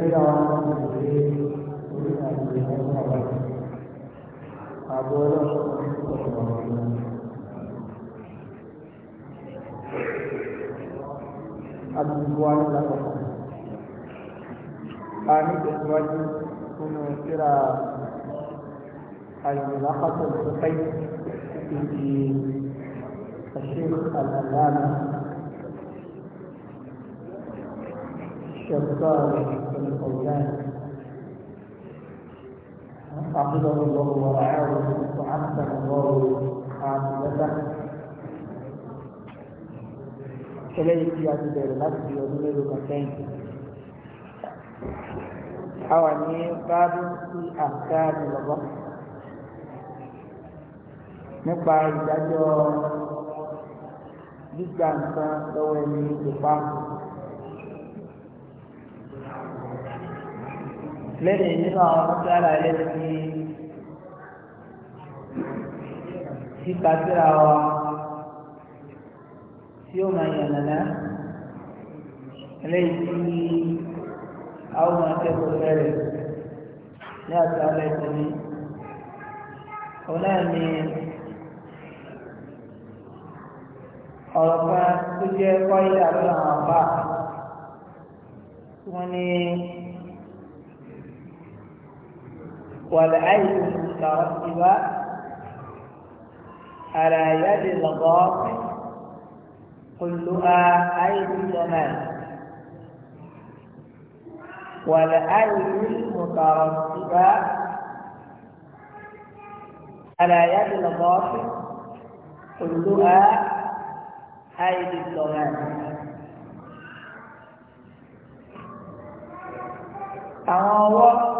Àdìgbòwájú lápapọ̀. A ní tẹ̀síwájú nínú síra àìmọ̀lápapọ̀ tó fẹ́ ìdí الشيخ الألامة الشيخ صالح بن فوزان حفظه الله ورعاه وحسن الله عاقبته eléyìí tí a ti bẹ̀rẹ̀ láti di ọdún mélòó kan sẹ́yìn a wà ní báàbù sí àkáàdì lọ́gbọ́n nípa lẹ́yìn nínú àwọn mọ́tílára ẹlẹ́sìn kíka síra wa tí ó máa yàn nàná eléyìí tí àwọn máa kẹ́kọ̀ọ́ bẹ̀rẹ̀ ní àtàlẹ́ ìsinmi òun náà ni ọ̀rọ̀ kan tó jẹ́ kọ́yí àlọ́ àwọn àbá wọ́n ní. والعين المترتبة على يد الغاصب كلها عين جمال والعين المترتبة على يد الغاصب كلها عين جمال أنا الله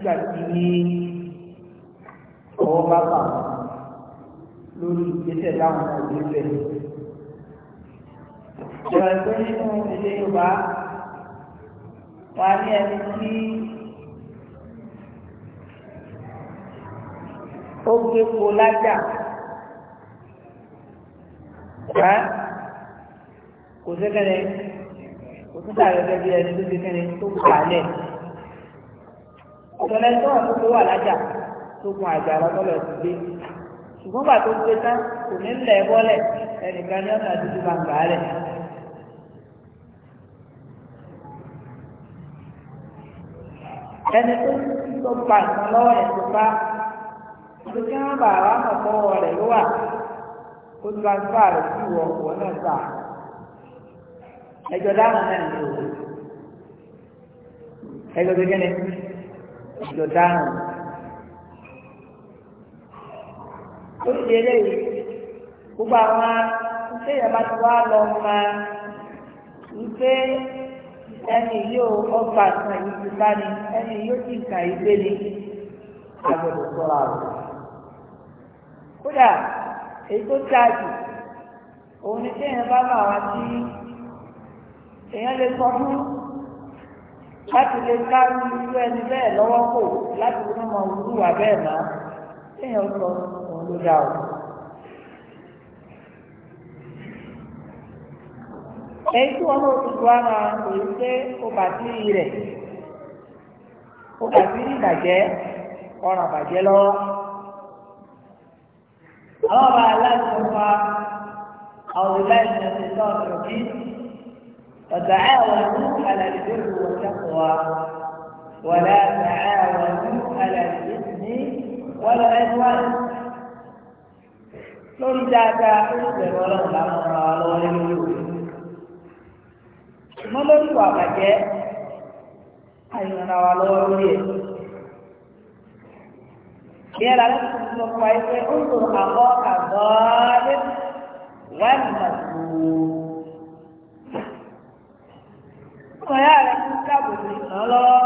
nígbà tí ní ọwọ́ bá bà lórí ìgbésẹ̀ láwọn òbí rẹ̀. ìjọba ẹgbẹ́ nínú ilé Yorùbá wà ní ẹni tí ó gbé po lájà kò sí kẹ́lẹ́ kò sí bí ẹni tó ti tó kà á ọ̀dọ̀lẹ́ tó wà tó tó wà lájà tó gun àjà lọ́tọ́lọ̀ ti gbé ṣùgbọ́n gbà tó gbé tán kò ní lẹ̀ bọ́lẹ̀ ẹnìkan ní ọ̀nà dúdú bá ń gbà á lẹ̀. ẹni tó tó pa nǹkan lọ́wọ́ yẹn tó bá tó kí wọ́n bá wà mọ̀ fọwọ́ rẹ̀ ló wà kó tó bá ń fà rẹ̀ sí ìwọ̀ ọ̀pọ̀ náà gbà ẹjọ́ dáhùn náà ní ìwọ̀ ẹjọ́ tó gẹ́lẹ́ ìjọ dáhùn. ó ti eléyìí gbogbo àwọn ti wá lọ ma wípé ẹni yóò ọgbà kan yìí ti bá ní ẹni yóò kà yìí gbé ní agbègbè sọ́ra rẹ̀. wa èèyàn lè sọ láti lè kárí irú ẹni bẹ́ẹ̀ lọ́wọ́ kò láti lè máa bẹ́ẹ̀ má kéèyàn sọ òun ló dá o. èyí tí wọn náà ti wá máa kò pé ó bà sí rí rẹ̀ ó bà sí rí ìbàjẹ́ فتعاونوا على البر والتقوى ولا تعاونوا على الاثم والعدوان ثم جاءت اخبر ولو الامر على ثم لو أيضاً على قال رسول الله صلى الله عليه وسلم انظر اخاك الظالم والمظلوم sọ yá rẹ̀ fún káàbòsí ràn lọ́wọ́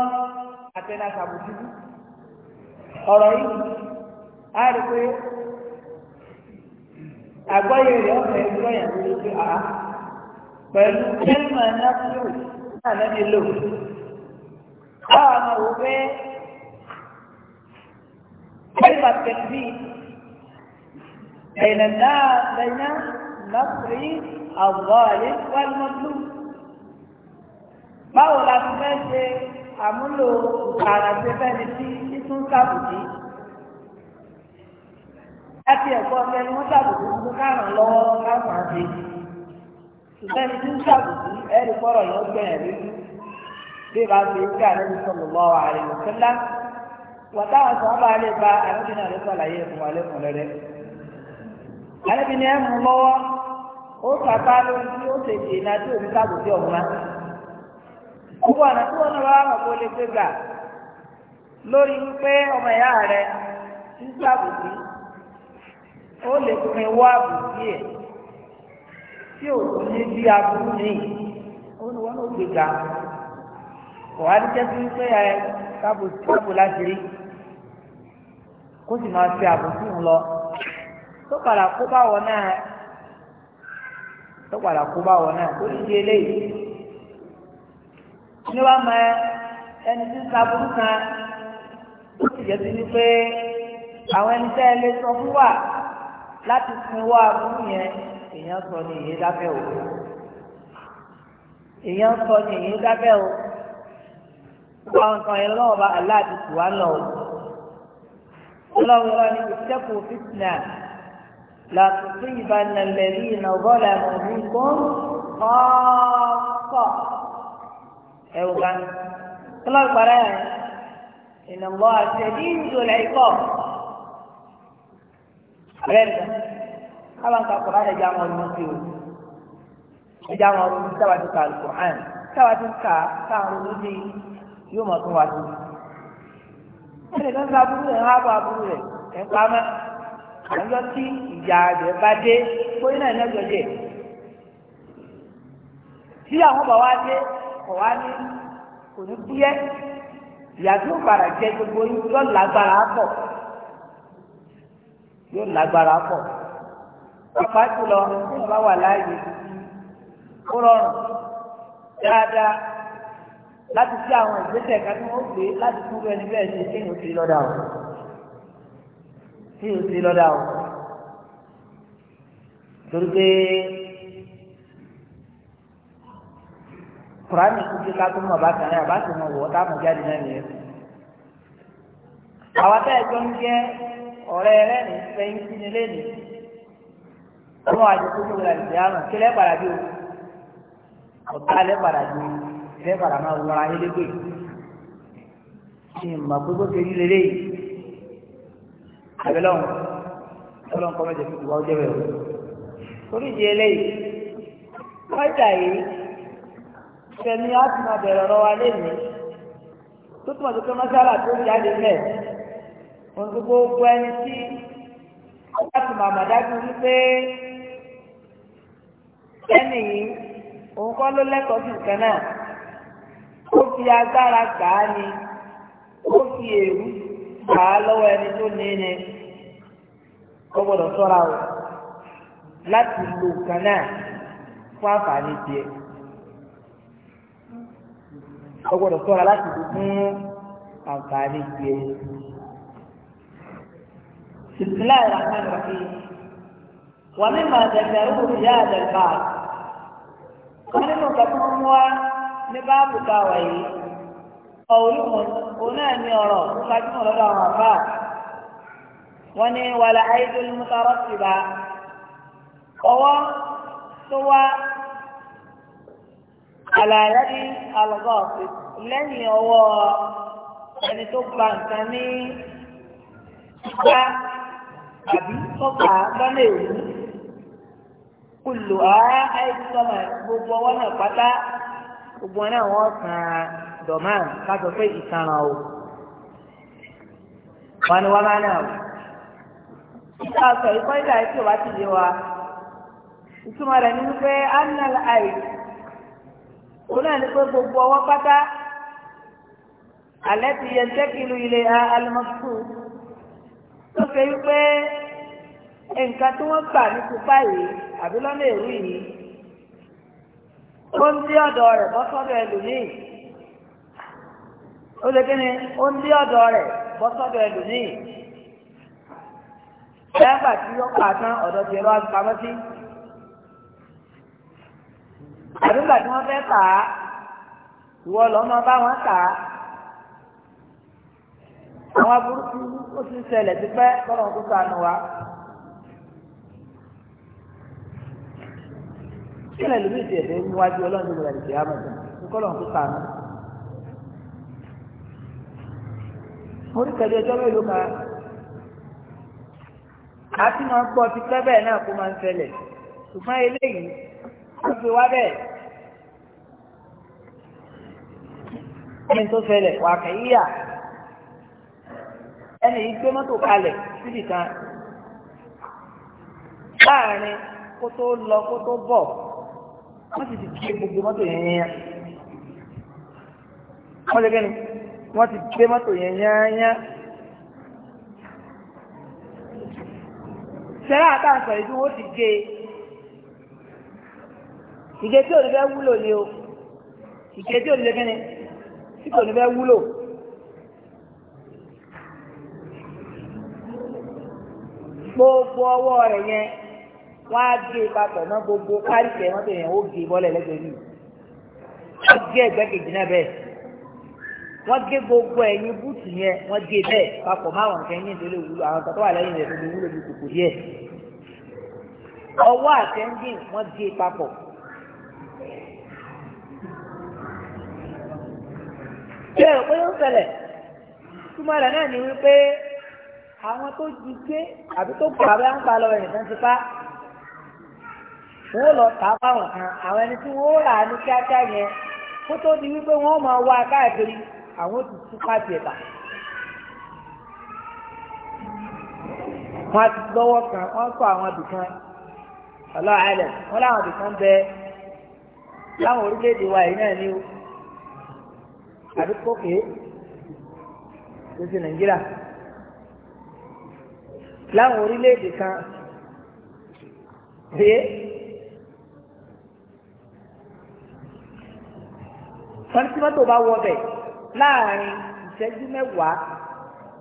àtẹnà kàbòsí ọ̀rọ̀ yìí á rí pé àgbọ́yé rẹ̀ ọ̀fẹ́ ẹgbẹ́ yẹn ló ti à á pẹ̀lú kẹ́lìmọ̀ náfíò náà lẹ́ni lò báwa máa wò pé kẹ́lìmọ̀ tẹ̀lifí ẹ̀yìn náà lẹ́yìn náà náfíò àwọn àlè wàlúmọ́tò. báwo la ti fẹ́ ṣe àmúlò ìkàrà ṣe fẹ́ni tí títún ṣàbùdí láti ẹ̀kọ́ ọ̀sẹ̀ ni wọ́n ṣàbùdí gbogbo kárùn lọ́wọ́ láwọn àti ṣùgbọ́n ẹni tí ẹ̀rí fọ́rọ̀ bí ìbá sọ̀rọ̀ lọ́wọ́ lẹ́rẹ́ ẹ̀ mú lọ́wọ́ ó sàpá lórí tí ó náà gbogbo ọ̀nà tí wọ́n wá wà kó lè lórí wípé ọmọ ìyá rẹ ń sàbùkù ó lè pin wá àbùkù ẹ̀ tí ò tó ní bí aburú nìyí ó ní wọ́n ó gbé kò wá ní jẹ́ wípé ẹ kábò kábò láṣìírí kó sì máa fi ń lọ tó padà kó ní wàá mọ ẹni tí ń sa burú kan ó sì yẹ sí ni pé àwọn ẹni tẹ́ ẹ lè sọ fún wa láti sin wá burú yẹn èèyàn sọ ní èyí dábẹ́ o èèyàn sọ ní èyí dábẹ́ o àwọn nǹkan yẹn lọ́wọ́ bá aláàbí tù wá lọ o lọ́wọ́ yọrọ ní ìṣẹ́kù fitna làtò ìbànú lẹ́yìn ìnáwó làmọ̀ ní gbọ́n kọ́ọ̀kọ́. ẹ̀wù kan ọlọ́run pàrọ̀ ẹ̀ ìnàbọ̀ àti ẹ̀dí ìdòlẹ̀ ikọ̀ rẹ̀ nìkan kábàǹkà kọ̀ọ̀rọ̀ ẹ̀ já wọn lọ sí o ẹja wọn lọ sí sábà ti ka alukur'an sábà ti ka káàrún lóde yóò mọ̀ tún wá sí i ẹnì kan sọ aburú rẹ̀ ń hábọ̀ aburú rẹ̀ ẹ̀ ń pamọ́ àjọ tí ìjà rẹ̀ bá dé bóyá náà ẹ̀ náà jọ jẹ́ tí àwọn dé. kọ̀ wá ní kò ní kúyẹ́ ìyá tí ó padà jẹ gbogbo yín yóò lágbára pọ̀ yóò lágbára pọ̀ ọ̀pá jùlọ tí wọ́n bá wà láàyè ó rọrùn dáadáa láti fi àwọn ìgbésẹ̀ kan tí gbé láti fún bẹ́ẹ̀ ni bẹ́ẹ̀ ṣe kí ni ó ti lọ́dà o kí ni ó ti lọ́dà o torí pé. kùránì tó ti ká tó mọ̀ bá kan náà bá sì mọ̀ wọ́ táwọn jáde náà nìyẹn. àwa tá ẹjọ́ ń jẹ́ ọ̀rẹ́ rẹ̀ ní fẹ́yìn sí ni lẹ́nu ọmọ àti tó tó gbọdọ̀ ìdí àmọ̀ kí lẹ́ padà bí o ọ̀tá lẹ́ padà bí o lẹ́ padà máa wọ́n ara yẹlé gbé kí n mọ̀ pé sẹ́ni á ti máa bẹ̀rẹ̀ wa lẹ́nu tó túmọ̀ tó pé ya tó jáde mẹ́ òun tó gbogbo ẹni tí wọ́n máa màdájú wípé sẹ́ni yìí òun kọ́ ló lẹ́kọ̀ọ́ sí nǹkan náà ó fi agbára gbà á ni ó fi èrú gbà á lọ́wọ́ ẹni tó ní ni ó gbọ́dọ̀ ó gbọ́dọ̀ sọ́ra láti fi fún àǹfààní tiẹ̀. bisimilayi rahman rahim wà mí màá dẹ̀gbẹ̀ rúbù yá àdẹ̀gbà wọ́n nínú kẹ́kọ̀ọ́ mú wa ní báàbù ká wà yìí ọ̀rùn òun náà ní ọ̀rọ̀ tó gbajúmọ̀ lọ́dọ̀ àwọn àbá wọ́n ní wàlá àìdúlùmùtàrọ́sì bá ọwọ́ tó wá àlàyé àlọ́gọ́ lẹ́yìn ọwọ́ ẹni tó gba nǹkan ní gbá àbí tọ́ka lọ́nà èyí kùlù àá àìsíkọ́mà gbogbo ọwọ́ náà pátá gbogbo wọn náà wọ́n sàn án dọ̀mán ká sọ pé ìtanràn o wọn ni wọn máa náà o ìta sọ ìkọ́ ìdá ẹ̀sìn wa ti yé wa ìtumọ̀ rẹ̀ ni wípé annal àìsí. òun náà ní pé gbogbo ọwọ́ pátá alẹ́ ti tẹ́kìlú ilé alimọ́tò tó ṣe wípé nǹkan tí wọ́n gbà ní pupa yìí àbí lọ́nà èrú yìí ó ń dí ọ̀dọ̀ rẹ̀ bọ́ ẹlòmíì ó lè kí ni ó ń dí ọ̀dọ̀ rẹ̀ tí ó pa tán ọ̀dọ̀ tiẹ̀ lọ́wọ́ àdúgbà tí wọ́n fẹ́ tà á ìwọ lọ́mọ bá wọn tà á àwọn burúkú ó ti ṣẹlẹ̀ ti pẹ́ tó sànù wa. kílẹ̀ lómi ìdí níwájú ọlọ́run tó gbọdọ̀ ìdí àmọ̀tà tó sànù. mélòó kan a ti máa ń gbọ́ ti pẹ́ bẹ́ẹ̀ náà kó máa ń ṣẹlẹ̀ ṣùgbọ́n eléyìí. wọ́n fi wá bẹ́ẹ̀. ẹni tó fẹlẹ̀ wà kẹ́yíyà ẹni yìí gbé mọ́tò kalẹ̀ síbì kan láàrin kó tó lọ kó tó bọ̀ wọ́n ti ti gbé gbogbo mọ́tò yẹn yẹn wọ́n lé kẹ́ni wọ́n ti gbé mọ́tò yẹn yẹn yẹn. sẹ́rà àtàǹsọ̀ ìdúró ti gé e ìgé tí òní fẹ́ wúlò ni o ìgé tí òní fẹ́ kíni tí kò ní fẹ́ wúlò. gbogbo ọwọ́ rẹ̀ yẹn wọ́n á gé e papọ̀ mọ́ gbogbo káríkẹ́ wọ́n tẹ̀yẹ̀ ó gé e bọ́lẹ̀ lẹ́gbẹ̀ẹ́ yìí wọ́n gé ẹgbẹ́ kejì náà bẹ́ẹ̀ wọ́n gé gbogbo ẹ̀yìn búùtù yẹn wọ́n gé e bẹ́ẹ̀ papọ̀ mọ́ àwọn nǹkan yẹn tó lè wúlò àwọn kan tó wà lẹ́yìn rẹ̀ tó lè wúlò bí kòkò díẹ̀ ọwọ́ àtẹ́ńdìn wọ́n gé papọ̀ ṣé ẹ̀ pé ó ṣẹlẹ̀ túmọ̀ rẹ̀ náà ni wípé àwọn tó ju ké àbí tó kọ̀ abẹ́ ń pa lọ ẹ̀sán ti pa wọ́n lọ tà á fáwọn kan àwọn ẹni tí wọ́n rà á ní kíákíá yẹn kó tó di wípé wọ́n máa wá káàkiri àwọn ti tú káàtì ẹ̀ta. wọ́n ti lọ́wọ́ kan wọ́n àwọn wọ́n láwọn bẹ́ẹ̀. láwọn orílẹ̀-èdè wa yìí náà ni o àdúgbòkè tó ti nàìjíríà láwọn orílẹ̀-èdè kan ṣe wọ́n ti mọ́tò bá wọ bẹ̀ láàrin ìṣẹ́jú mẹ́wàá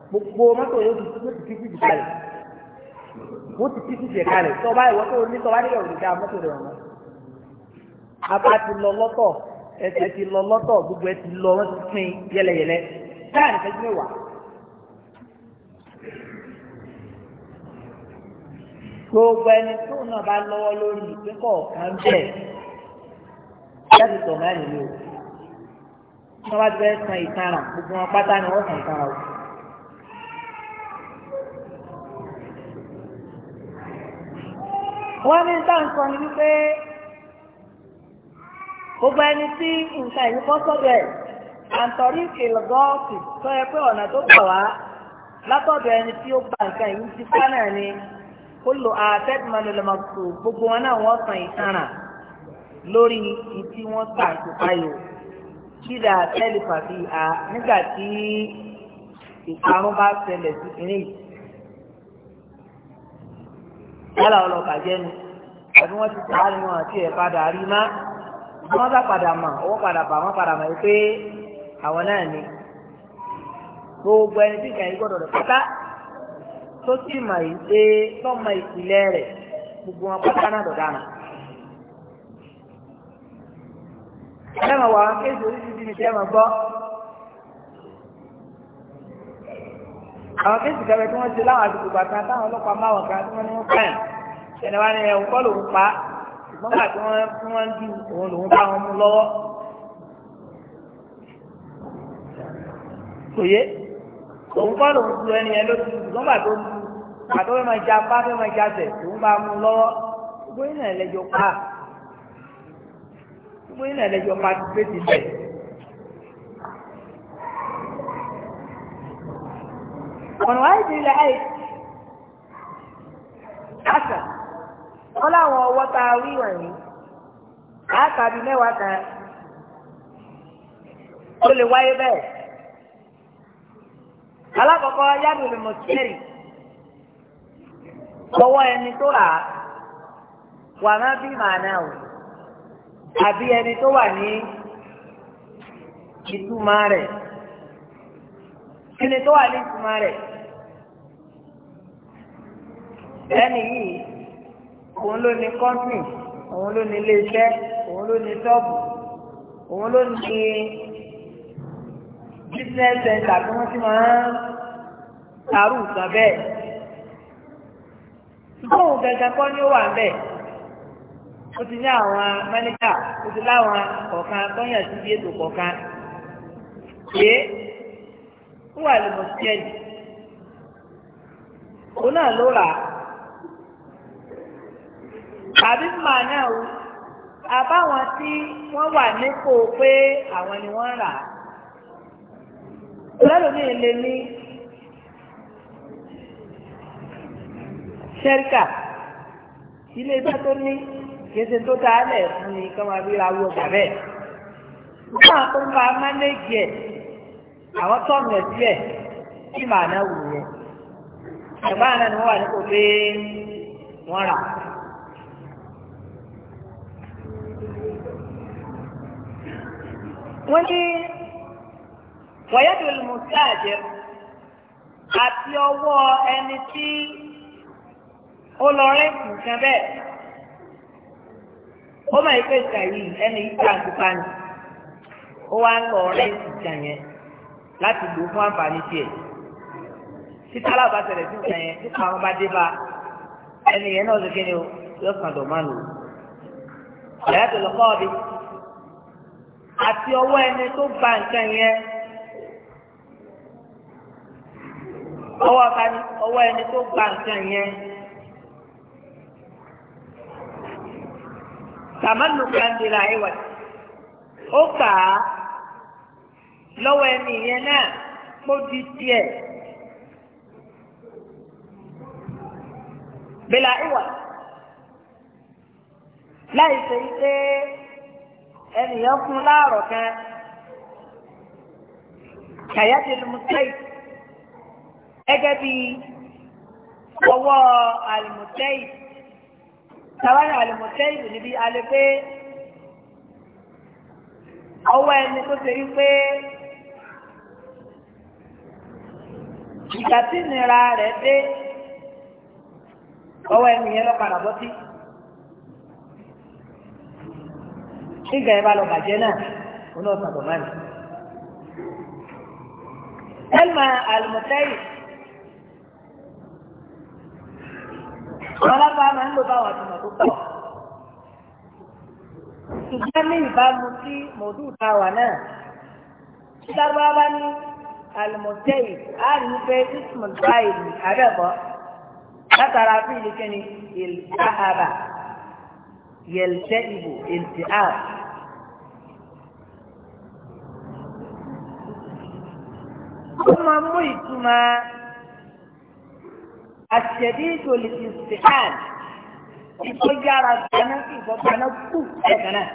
gbogbo mọ́tò yóò ti fi fi jù kalẹ̀ wọ́n ti fi fi jù kalẹ̀ tọ́ba ìwọ́n tó ní tọ́ba nílẹ̀ òrùka mọ́tò rẹ̀ wọ́n apá ti lọ lọ́tọ̀ ẹsẹ̀ ti lọ lọ́tọ̀ gbogbo ẹ ti lọ wọ́n ti pín yẹlẹyẹlẹ táà ní fẹ́jú mẹ́wàá. gbogbo ẹni tó náà bá lọ́wọ́ lórí ìpínkọ̀ kan bẹ́ẹ̀ láti tọ̀ máa nìyí o wọ́n bá fẹ́ san ìtara gbogbo wọn pátá ni wọ́n san ìtara o. wọ́n ní sáǹsọ ni wípé gbogbo ẹni tí nǹkan ẹ̀yìn kọ́ sọ́dọ̀ ẹ̀ àǹtọ̀rí ìkìlọ̀gọ́ọ̀sì tó yẹ pé ọ̀nà tó gbà wá látọ̀dọ̀ ẹni tí ó gba nǹkan ẹ̀yìn ti pa náà ni kó lo àtẹ́tìmọ́lì lọ́mọ́tò gbogbo wọn náà wọ́n san ìtanràn lórí ìtí wọ́n tà ìtòkáyò kídà tẹ́lifà fi hà nígbà tí ìparun bá ṣẹlẹ̀ sí kìnìún yìí yálà ọlọ́kàjẹ́ ni àbí wọ́n ti sàárè wọn àti ẹ̀ padà rí máa wọ́n bá padà mọ̀ owó padà bà wọ́n padà mọ̀ pé àwọn náà ni gbogbo ẹni tí kàn yín gbọ́dọ̀ rẹ̀ pátá tó sì mọ̀ yìí pé lọ́mọ ìpìlẹ̀ rẹ̀ gbogbo wọn pátá náà dọ̀dá nà. ẹ máa wà wọn kéésì oríṣiríṣi ní sẹ́wọ̀n gbọ́. àwọn kéésì kẹfẹ tí wọ́n ṣe láwọn àdúgbò bàtà táwọn ọlọ́pàá máwọn kan tí wọ́n ní wọ́n pààyàn ṣẹlẹ̀ wá ní ẹ̀wọ̀n kọ́ lòún pa á nígbà tí wọ́n tí wọ́n ń òun lòun bá wọn mú lọ́wọ́. kò yé òun kọ́ lòun ju ẹni yẹn lójú nígbà tó ju àtọ́ máa ja apá fẹ́ máa ja tẹ̀ òun bá mú lọ́wọ́ gbogbo yìí náà lẹ́jọ́ pa gbogbo yìí náà lẹ́jọ́ pa ti pé ti bẹ̀. ọ̀nà wáyé ti rí la ayé. wọ́n láwọn ọwọ́ tá a wọ̀nyí ka mẹ́wàá kan ó lè wáyé bẹ́ẹ̀ alákọ̀ọ́kọ́ yánu lè mọ̀tẹ́rì ọwọ́ ẹni tó rà á wà má bí náà o àbí ẹni tó wà ní ìtumá rẹ̀ rẹ̀ òun ló ní kọ́ńtì òun ló ní iléeṣẹ́ òun ló ní ṣọ́ọ̀bù òun ló ní business center tí wọ́n ti máa ń tarú nǹkan bẹ́ẹ̀. ṣùgbọ́n òun gẹ́gẹ́ kọ́ ni ó wà bẹ́ẹ̀ ó ti ní àwọn mẹ́nẹ́jà ó ti láwọn kọ̀ọ̀kan tọ́yàn sí bí ètò kọ̀ọ̀kan ṣe ó wà lè mọ̀ sí ẹ̀dì òun náà ló rà á àbí màánà o àbáwọn tí wọ́n wà nípò pé àwọn ni wọ́n rà á lẹ́lòmíì lè ní ṣẹ́ríkà ilé iṣẹ́ tó ní gbèsè tó ta alẹ̀ fún ni kọ́ máa rí rawọ́ ọgbà bẹ́ẹ̀. Wọ́n tó ń bá mánéjì ẹ̀ àwọn tọ́ọ̀nù ẹ̀ sílẹ̀ kí màá wù yẹn. Ẹ̀gbọ́n àná ni wọ́n wà nípò pé wọ́n rà á. wọ́n ní wọ́yẹ́dùn mùsáàjẹ́ àti ọwọ́ ẹni tí ó lọ rẹ́ǹtì nǹkan bẹ́ẹ̀ ó mọ̀ ìpè ìgbà yìí ẹni ìgbà àgùpá ni ó wá ń lọ rẹ́ǹtì nǹkan yẹn láti lò fún àǹfààní tiẹ̀ títí aláàbá tẹ̀lé sí nǹkan yẹn nípa àwọn bá dé bá ẹni yẹn náà ló kéde o yóò kàn dọ̀ máa lò ó. ìyá tó àti ọwọ́ ẹni tó gba nǹkan yẹn ọwọ́ kani ọwọ́ ẹni tó gba nǹkan yẹn tàmánù kandìlà ìwà ó kà á lọ́wọ́ ẹni yẹn náà kó di tiẹ̀ bìlà ìwà láì ṣe pé. ẹnìyàn fún láàrọ̀ kan kàyáde mùtẹ́ì gẹ́gẹ́ bí ọwọ́ àlùmùtẹ́ì tàwárí àlùmùtẹ́ì níbi alẹ́ ọwọ́ ẹni tó ṣe rí pé ìgbà tí ìnira rẹ̀ dé ọwọ́ ẹni yẹn nígbà yẹn bá lọ bàjẹ́ náà òun náà sàbọ̀ máa nì. Elma Almutayi ọlọ́pàá máa ń lò báwọn àtùmọ̀ tó pọ̀. ṣùgbọ́n ní ìbámu sí mòdù táwà náà ṣíláwá bá ní Almutayi á rí i pé ismail báyìí àbẹ̀bọ̀ látara fún ìlú kẹ́ni ìlú àhàbà yẹ̀lẹ́ ìbò ìlú àhàbà. رميتما الشديد للاستحال تغير الزمن فكان كفتنا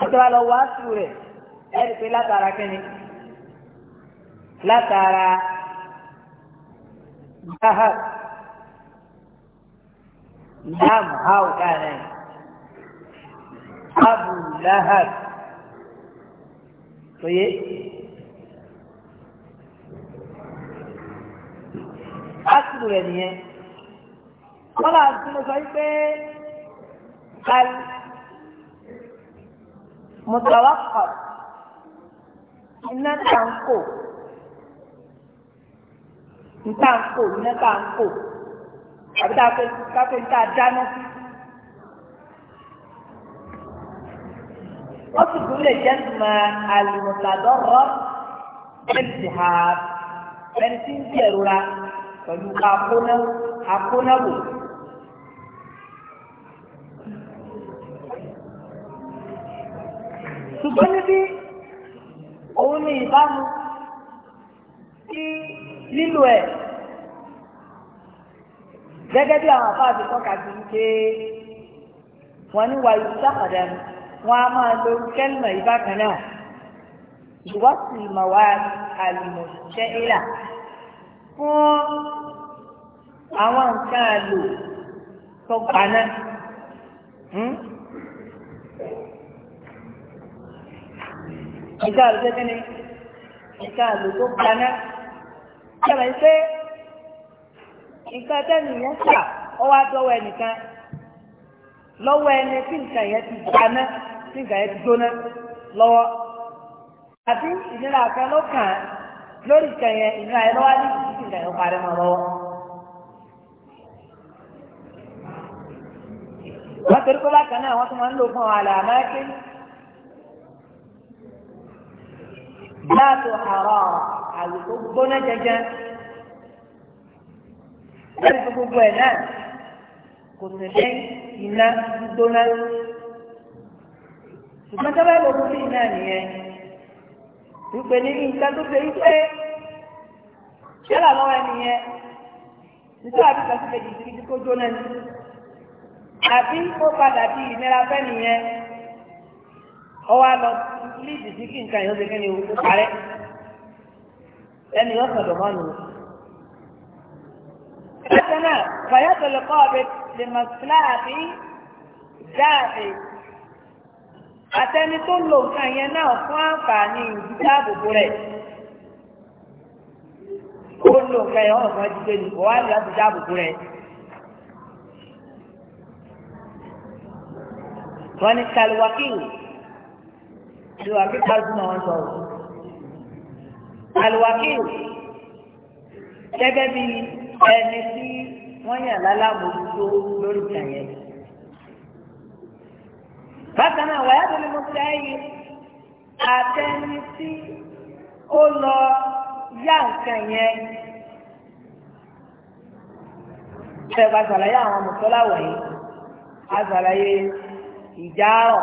ترى لو اسوره ارك لا ترى كني لا ترى ذهب نعم هاو كان ابو لهب طيب àsìkò rẹ̀ nìyẹn wọ́n là ń sọ wípé kal mùtàwákà iná ta ń kò níta ń kò iná ta ń kò àbí tá a fẹ́ níta dáná sí. wọ́n tún lè jẹ́ tuma àlùmọ̀tàdọ́rọ̀ ẹ̀ǹtì ha ẹni tí ń jẹ̀rora pẹ̀lú akóná akónáwò. ṣùgbọ́n níbí òun ni ìbámu sí lílo ẹ̀ gẹ́gẹ́ bí àwọn afáàbí tọ́ka sí pé wọ́n ní wàyí sáfàdà wọn a máa lo kẹ́lìmọ̀ ìbákan náà ìwọ́sì màwá àlùmọ̀ ìlà fún àwọn nǹkan àlò tó gbaná hmm? nǹkan àlò tó kíni nǹkan àlò tó gbaná sọ̀rọ̀ yìí pé nǹkan tẹ́lẹ̀ yẹn sà ọ wá dọ́wọ́ ẹnìkan lọ́wọ́ ẹni tí nǹkan yẹn ti gbaná tí nǹkan yẹn ti gbóná lọ́wọ́ àti ìnira kan ló kàn án lórí nǹkan ìnira yẹn lọ́wọ́ ní mọ́ lọ́wọ́. torí pé bákan náà wọ́n tún máa ń lò fún àwọn àlàmáké láàtò àrọ̀ àwẹ̀ tó gbóná jẹjẹ lórí fún gbogbo ẹ̀ náà kò sì ní iná gbóná ṣùgbọ́n tó bá lò fún sí iná nìyẹn wípé ní nǹkan tó ṣe wípé ṣẹlẹ̀ lọ́wọ́ ẹ nìyẹn nítorí àbíkà sí kejì sí kó jóná ní àbí ó padà di ìnira fẹ́ni yẹn ó wá lọ lídìí sí kí nǹkan yẹn ó ṣe kí ni ó parẹ́ ẹni yóò sọ̀dọ̀ mọ́ nù. Bákan náà, fàyàtọ̀ lè kọ́ ọ̀bẹ lè mọ̀ síláàbí dáàbì. Àtẹni tó lo nǹkan yẹn náà fún àǹfààní ìdáàbòbò rẹ̀. Ó lo nǹkan yẹn ọ̀nà kan jíjẹ́ ni, wọ́n á lè dáàbòbò rẹ̀. wọ́n ní kàlùwàkìlù kàlùwàkìlù kàlùmọ̀ wọn sọ ọ́ kàlùwàkìlù gẹ́gẹ́ bí ẹni tí wọ́n yàn lálàmójútó lórí ìtàn yẹn. bákan náà wàá tó ní mo fẹ́ yìí àtẹni tí ó lọ yá nǹkan yẹn ṣẹ̀gbà ṣàlàyé àwọn mùsọ́lá wọ̀nyí a ṣàlàyé ìjárọ̀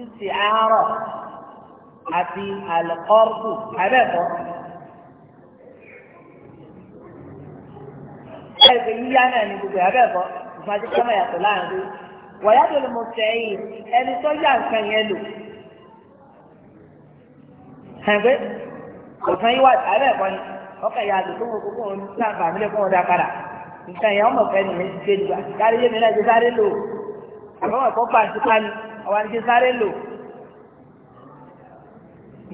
ìsì àárọ̀ àti àlùkọ́rùkù abẹ́ẹ̀kọ́. ẹ̀rọ yíyá náà ni gbogbo abẹ́ẹ̀kọ́ ìfọ̀n ti kọ́ mọ̀ yàtọ̀ láàrin wọ̀yá tó lè mọ̀ sẹ́yìn ẹni tó yà nǹkan yẹn lò ẹgbẹ́ òfin yìí wà tàbí ẹ̀kọ́ ni ọkọ̀ ìyá àdùn tó wọ gbogbo òun ní sáǹfà mílẹ̀ fún ọ̀dà padà nǹkan yẹn ọmọ fẹ́ nìyẹn ti gbé lù àwọn àkọ́kọ́ àtúpá ni àwọn àti sáré lò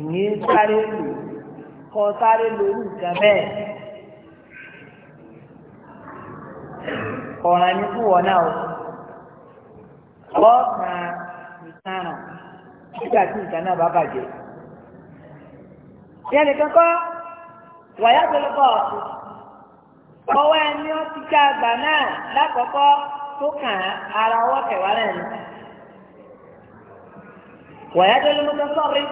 ìyẹn sáré lò kọ́ sáré lórí ìgbà bẹ́ẹ̀ ọ̀ràn ní fún wọn náà ọ̀sán ìtaràn nígbà tí ìgbà náà bá bàjẹ́ ìyẹn nìkan kọ́ wàyà tó lọ́kọ̀ ọ̀sùn ọwọ́ ẹni ó ti já àgbà náà lákọ̀ọ́kọ́ tó kàn ara ọwọ́ kẹwàá náà ni. wàyájọ́ ló mú tó sọ́ọ̀rí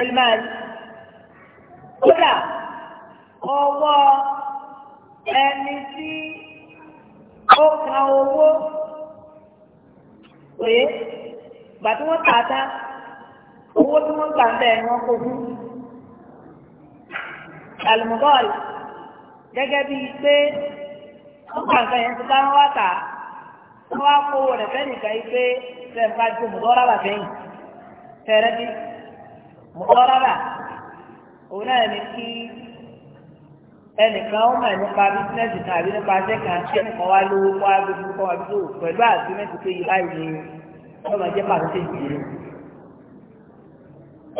elmani kódà ọwọ́ ẹni tí ó kan owó pé gbàtí wọ́n tà á owó tí wọ́n gbà ń bẹ̀ wọ́n kó fún alùmọ́bọ́ọ̀lù gẹ́gẹ́ bíi pé. wọ́n kà yẹn ti ká wá tà wọ́n wá kó owó rẹ̀ fẹ́nìkan yìí pé fẹ́ bá ju mùdọ́rábà sẹ́yìn fẹ́rẹ́ bí mùdọ́rábà òun náà ní kí ẹnìkan ó mọ̀ nípa bísínẹ́sì kan àbí nípa wá lówó kó wá gbogbo wá gbogbo pẹ̀lú pé yìí wọ́n máa jẹ́ ìdílé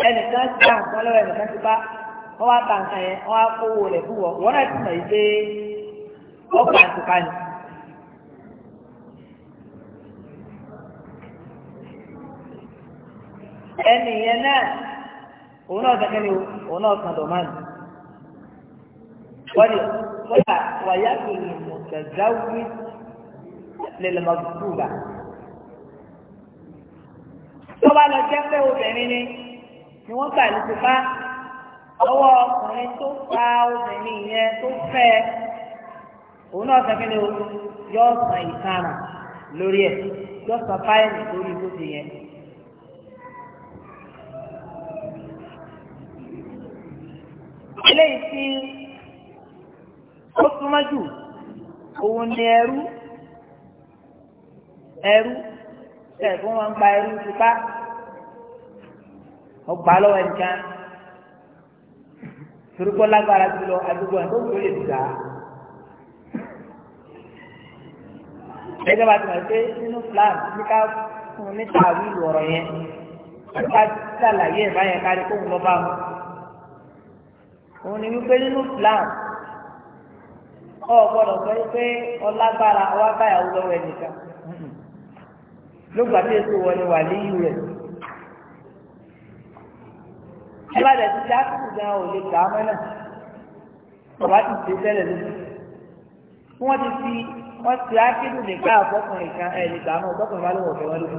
ẹnìkan lọ́wọ́ ẹnìkan ti ọkọ̀ àtùpà ni. ẹnì yẹn náà òun náà kẹ́kẹ́ ni òun náà kan dọ̀mánì. wọ́n ní kódà wàyà tó lè mọ̀ tẹ̀záwí lẹ́lẹ́mọ̀gbùgbà. tó bá lọ jẹ́ pé obìnrin ni ni wọ́n gbà ní ti bá ọwọ́ ọkùnrin tó pa obìnrin yẹn tó fẹ́ òun náà sọ kíni o yọ san ìtara lórí ẹ yọ san fáìlì lórí bó ti yẹn. eléyìí tí ó súnmọ́ jù òun ni ẹrú ẹrú ẹ̀gbọ́n wọn gba ẹrú tipa ọgbà lọ́wọ́ ẹnìkan torí lágbára jùlọ àdúgbò ẹ̀ tó ń tó lè gẹ́gẹ́ bá ti mọ̀ pé nínú plan ní ká fún un ní tààrí ìlú ọ̀rọ̀ yẹn ká ṣàlàyé ẹ̀bá yẹn kárí kóun lọ bá wọn. òun ni wípé nínú plan ọ gbọ́dọ̀ sọ pé ọlágbára ọwá báyàwó lọ́wọ́ ẹnìkan lóògbà tí èso wọlé wà ní ìlú rẹ̀. ẹ bá dẹ̀ ti dá kùkù gan-an ò lè gbà á mọ́ náà ọba ti ṣe tẹ́lẹ̀ lóṣù. wọ́n ti fi wọ́n ti ákídù nìkan àfọkùnrin kan ẹ̀ nìkan náà ọ̀dọ́kùnrin bá ló wọ̀ fẹ́ wọn lójú.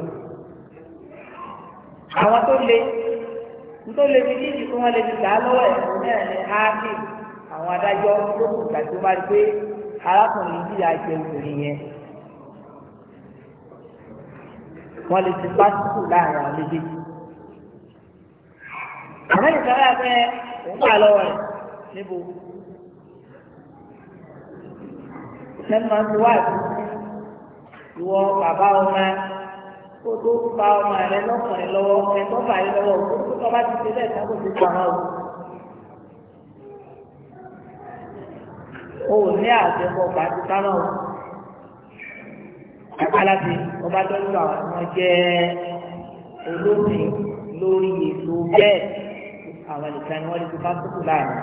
àwọn tó le tó le ní níbi tí wọ́n lè fi gbà á lọ́wọ́ ẹ̀ fún náà ní ákì àwọn adájọ́ tó kù gbà tó bá rí pé arákùnrin yìí yà jẹ obìnrin yẹn. wọ́n lè ti pásítù láàrin àwọn méjèèjì. àmọ́ ìsọ̀rọ̀ àgbẹ̀ òun gbà lọ́wọ́ rẹ̀ níbo kan máa ń fi wáàbí ìwọ bàbá ọmọ kó tó fa ọmọ rẹ lọ́kùnrin lọ́wọ́ ẹ̀tọ́ fà yín lọ́wọ́ kó tó bá ti ṣe bẹ́ẹ̀ sábò tó pa wọn o. o ní àjẹpọ̀ pàtó sáwọn o. alábi ọba tó ń lọ àwọn ọmọ jẹ́ olóòtú lórí èso bẹ́ẹ̀ àwọn ìkànnì wọn lè fi fásitì láàrin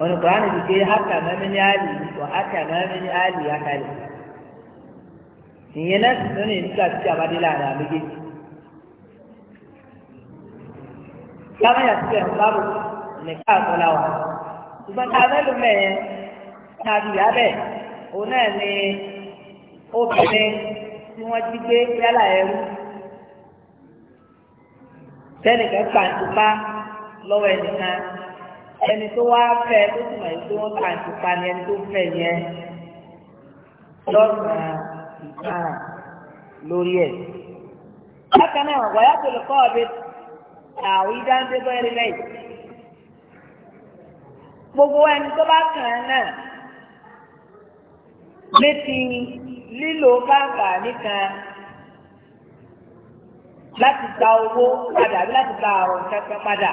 wọn kò hàn ní pé haka mẹ́mí ní àlì kò haka mẹ́mí ní àlì akalẹ̀ ìyẹn náà sì tún ní nígbà tí a bá àmì láwọn yàtí bẹ̀rẹ̀ ń bábò nìkan àtọ́lá wa ṣùgbọ́n tá a mẹ́lò mẹ́ẹ̀ tá a fi yá bẹ́ẹ̀ òun náà ni obìnrin tí wọ́n ti gbé yálà ẹrú tẹ́nìkan pàǹtípá lọ́wọ́ ẹnìkan ẹni tó wá fẹ́ tó sì mọ̀ pé wọ́n kà ń ti pa ni ẹni tó fẹ́ yẹn lọ́sàn-án ìtàn lórí ẹ̀. bákan náà wàyà tó lè kọ́ ọ̀bẹ àwọn ìdáńdé bọ́ẹ̀rẹ̀ lẹ́yìn. gbogbo ẹni tó bá kàn án náà létí lílo bàbà nìkan láti gba owó padà àbí láti gba àrùn kẹkẹ padà.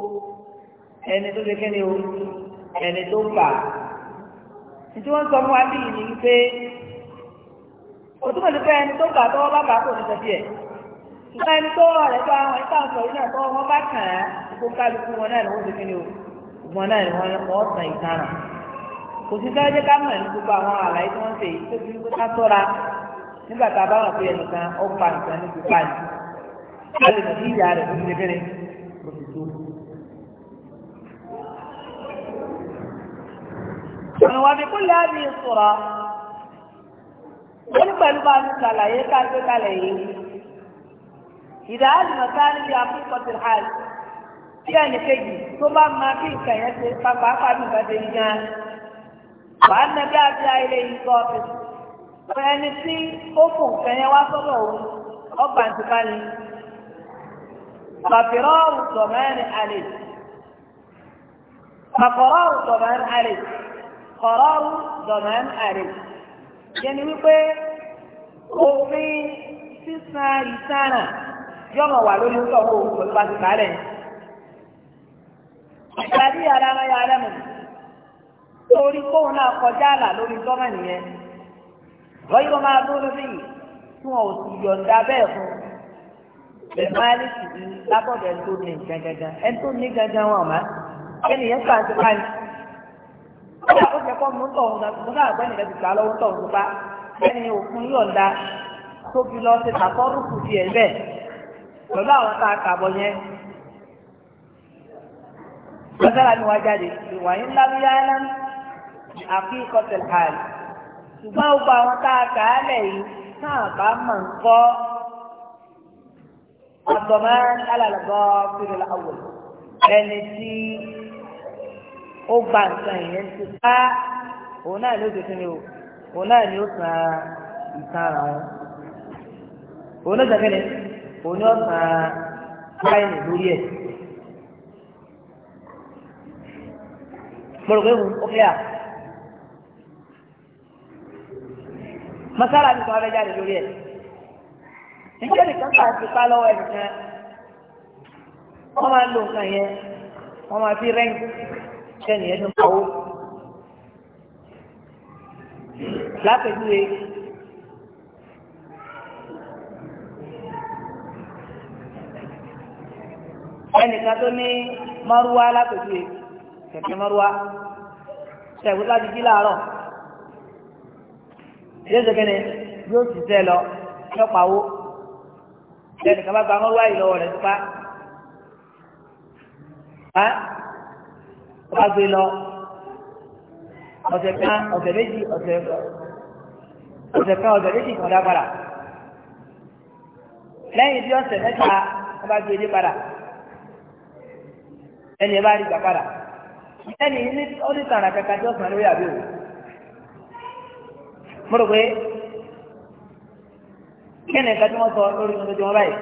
ẹni tó ṣe kẹ́ni o ẹni tó bà á tí wọ́n sọ fún wa bíi ní wípé òtún òtún pé ẹni tó bà bá bà kò ní sọ díẹ̀ ṣùgbọ́n ẹni tó ike tó àwọn ẹ̀ka ọ̀sọ̀ yìí náà tọ́wọ́ wọn bá kàn án kó kálukú wọn náà ni wọ́n o ìgbọ́n náà a وبكل هذه الصورة ولما يبان على يكاد عليه إذا علم كان في حقيقة الحال يعني كي ثم ما في كي فقع من بدينا وأن جاء إليه ضابط فأن في أفق كي وصله أبا انتقالي ففرار الضمان عليه فقرار الضمان عليه kọ̀rọ́rù dọ̀mẹ́m àrè yẹni wípé òfin sísan ìsáràn yọmọ wà lórí ń sọ̀rọ̀ òkú ló bá ti kálẹ̀. ìgbàdí yàrá ara yàrá mi torí kóun náà kọjá àlà lórí gọ́mọ̀ nìyẹn wọ́n yóò máa dúró bí tí wọn ò sì yọ̀ǹda bẹ́ẹ̀ fún bẹ́ẹ̀ máa ní sì ní lábọ̀dọ̀ ẹni tó ní gangan ẹni tó ní gangan wọn ọ̀ ẹni yẹn pàṣẹ pàṣẹ kódà ó jẹ́ kọ́ mú tọ̀hún náà mú náà gbẹ́ni rẹ̀ ti gbà lọ́wọ́ tọ̀hún bá ẹni òkun yọ̀ǹda tóbi lọ ṣe tàkọ́rùkù ti ẹ̀ bẹ́ẹ̀ pẹ̀lú àwọn tá a kàbọ̀ yẹn. Lọ́sára ni wá jáde, ìwàyí ńlá bí yára àfi kọ́tẹ̀lì hàn. Ṣùgbọ́n gbogbo àwọn tá a kà á lẹ̀ yìí náà bá mọ̀ ń kọ́ àgbọ̀mọ́ ó gba nǹkan ìyẹn ti ká òun náà ló ti kíni o òun náà ni ó san ìtàn ara wọn òun náà sàkẹ́ni òun ni ó san fáìlì lórí ẹ̀. mo rò pé ó fẹ́ à. masala mi kò abẹ́jà rẹ̀ lórí ẹ̀. Ìjẹ́ nìkan kà ti pa lọ́wọ́ ẹnìkan. Wọ́n máa ń lo nǹkan yẹn, wọ́n máa fi rẹ́ǹkì kẹ́ni ẹni ń pawó. lápẹ̀júwe ẹnìkan tó ní márúwá lápẹ̀júwe kẹ̀kẹ́ márúwá ṣẹ̀gbọ́n láti jí láàárọ̀ yóò ṣe kẹ́ni yóò sì sẹ́ lọ lọ́pàá ẹnìkan bá gba márúwá yìí lọ́wọ́ rẹ̀ nípa wá gbé lọ ọ̀sẹ̀ kan ọ̀sẹ̀ méjì ọ̀sẹ̀ ọ̀sẹ̀ kan ọ̀sẹ̀ méjì kan dá padà lẹ́yìn bí ọ̀sẹ̀ mẹ́ta wọ́n bá gbé dé padà ẹni ẹ bá rí gbà padà ẹni ní ọ́dítàrà kẹta tí ọ̀sán lórí àbí òun mo rò pé kí ẹnì kan tí wọ́n sọ lórí ọ̀sán tí wọ́n báyìí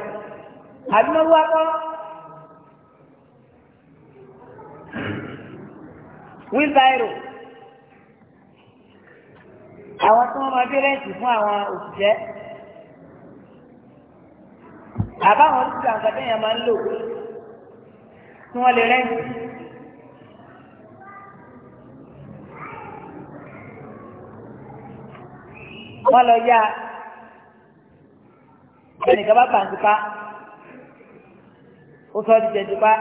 àbí wọ́n wá kọ́. wheelbarrow àwọn tí wọ́n máa dé rẹ́ǹtì fún àwọn òṣìṣẹ́ àbáwọn oríṣi àǹkà téèyàn máa ń lò tí wọ́n lè rẹ́ǹtì. wọ́n lọ yá ẹnìkan bá bàǹtì pa ó sọ ọ́ di jẹ̀dùpá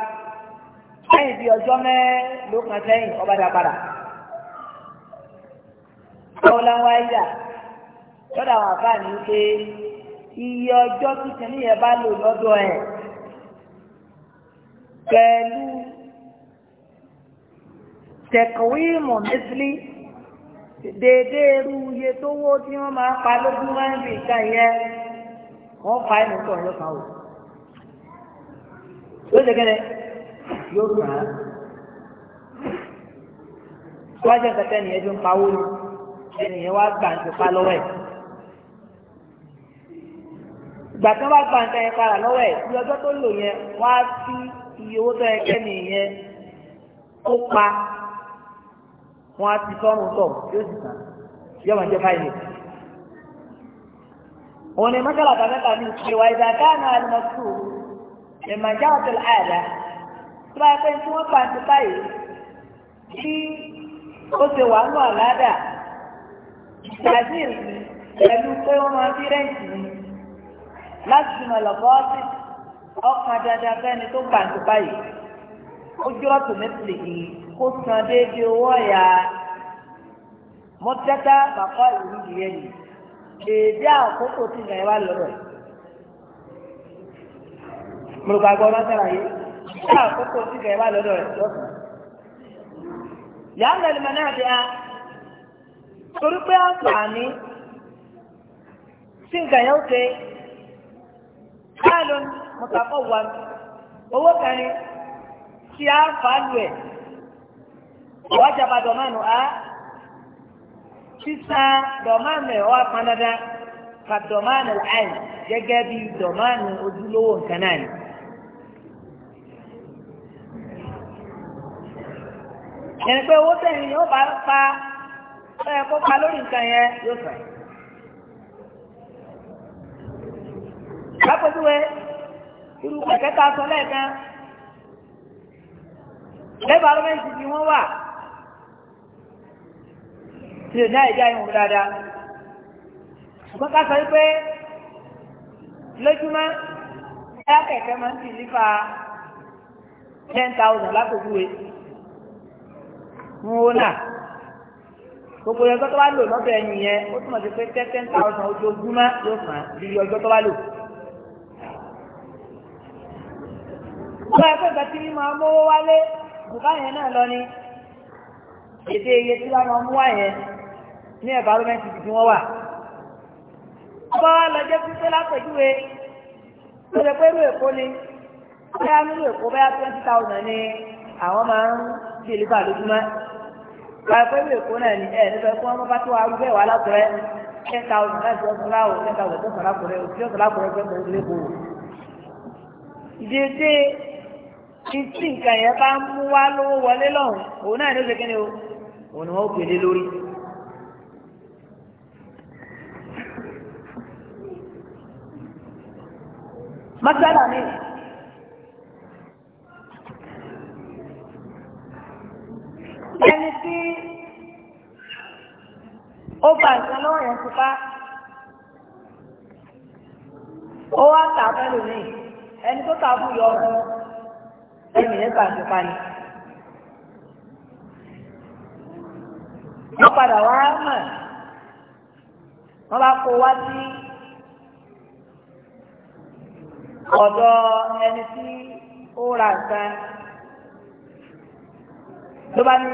lẹ́yìn bíi ọjọ́ mẹ́ẹ́ ló kan sẹ́yìn ọba dá padà. ọ̀làwọ̀ ayíyá lọ́dọ̀ àwọn àfáàní wípé iye ọjọ́ tuntun yẹn bá lò lọ́dọ̀ ẹ̀ pẹ̀lú tẹ̀kọ̀wéèmù mẹ́sílì dédé irú iye tó wó tí wọ́n máa pa lójú máa ń fi ìka yẹn wọ́n fa ẹnu sọ̀rọ̀ lọ́kàn o. ló ṣe kẹ́lẹ́ yóò sùn án wájú ẹ̀ka tẹ́ni ẹ̀dùn pawó ni ẹnìyẹn wá gbà ń tipa lọ́wọ́ ẹ̀. ìgbà tí wọ́n bá gbà ń tẹ́ ẹ para lọ́wọ́ ẹ̀ ní ọjọ́ tó lò yẹn wá sí iye owó tó yẹ kẹ́ni yẹn ó pa wọ́n á ti sọ́run tọ̀ yóò sì tàn yóò máa jẹ́ fáìlì. òun ni mọ́tàlá tàbẹ́tà ní ìwà ìdá káàmù àlùmọ́tò ìmọ̀jáwọ̀tò àdá tó bá yẹ tí wọ́n gbà ń tipa yìí ó ṣe wà ń bọ̀ ládà brazil pẹ̀lú pé wọ́n máa fi rẹ́ǹtì ni láti fi mọ̀ lọ́kọ́ ọkàn dandan fẹ́ni tó gbà ń tó báyìí ó jọ́ tòmẹ́tìlì yìí kó san déédéé owó ọ̀yà mọ́tẹ́tà bàbá ìlú yìí èdè àkókò tí ìgbà yẹn wà lọ́rọ̀ yìí mo yàrá ìlú náà di a torí pé àǹfààní tí nǹkan yẹn ó ṣe káàlù mọ̀tàkọ́ wà owó kan ni tí a fà á lù ẹ̀ wájà bá dọ̀mánu a sísan dọ̀mánu ẹ̀ wá pọn dandan ka dọ̀mánu àì gẹ́gẹ́ bí dọ̀mánu ojúlówó nǹkan náà ni. ẹni pé owó tẹ̀yìn yóò bá pa ó yẹ kó pa lórí nǹkan yẹn yóò sàn. lápòjúwe irú kẹ̀kẹ́ ta sọ lẹ́ẹ̀kan lẹ́bàá lọ́mẹ́ntì ni wọ́n wà tí èdè àìjá ìhùn dáadáa ṣùgbọ́n ká sọ wípé lójúmọ́ ẹ̀yà kẹ̀kẹ́ máa ń tì nípa ten thousand lápòjúwe ń wó náà gbogbo ọjọ́ tó bá lò lọ́dọ̀ ẹni yẹn ó túmọ̀ sí pé ten thousand ojoojúmọ́ yóò sàn ju iye ọjọ́ tó bá lò. wọ́n yẹ pé bàtí mi máa mówó wálé bùbá yẹn náà lọ ni èdè iye tí wọ́n máa mú wá yẹn ní ẹ̀bárọ́mẹ́ntì tí wọ́n wà. ọba wa lọ jẹ́ pípé lápẹ̀júwe ó lè pẹ́rù èkó ni bóyá nínú èkó bóyá twenty thousand ni àwọn máa ń dèlébà lójúmọ́ pàápàá ìwé èkó náà ní ẹ nípa ẹkọ ọmọ bá tó wa arúgbó ẹwà alákùrẹ ten thousand láti ọsàn láwò ten thousand tó sàn lákùrẹ òsì ọsàn lákùrẹ fẹẹ mọ ilé kò wò. ìdíyèsí títí nǹkan yẹn bá ń mú wá lówó wọlé lọ́hùn òun náà ní oṣù kínní o òun ni wọ́n gbèlé lórí. mọ́tàlá mi. ẹni tí ó gba nǹkan lọ́wọ́ yẹn fipá ó wá tà mẹ́lò ní ẹni tó tà fún yọ ọ̀rọ̀ ẹni yẹn gbà fipá ni. wọ́n padà wá mọ̀ wọ́n bá kó wá sí ọ̀dọ̀ tí ó ra nǹkan ní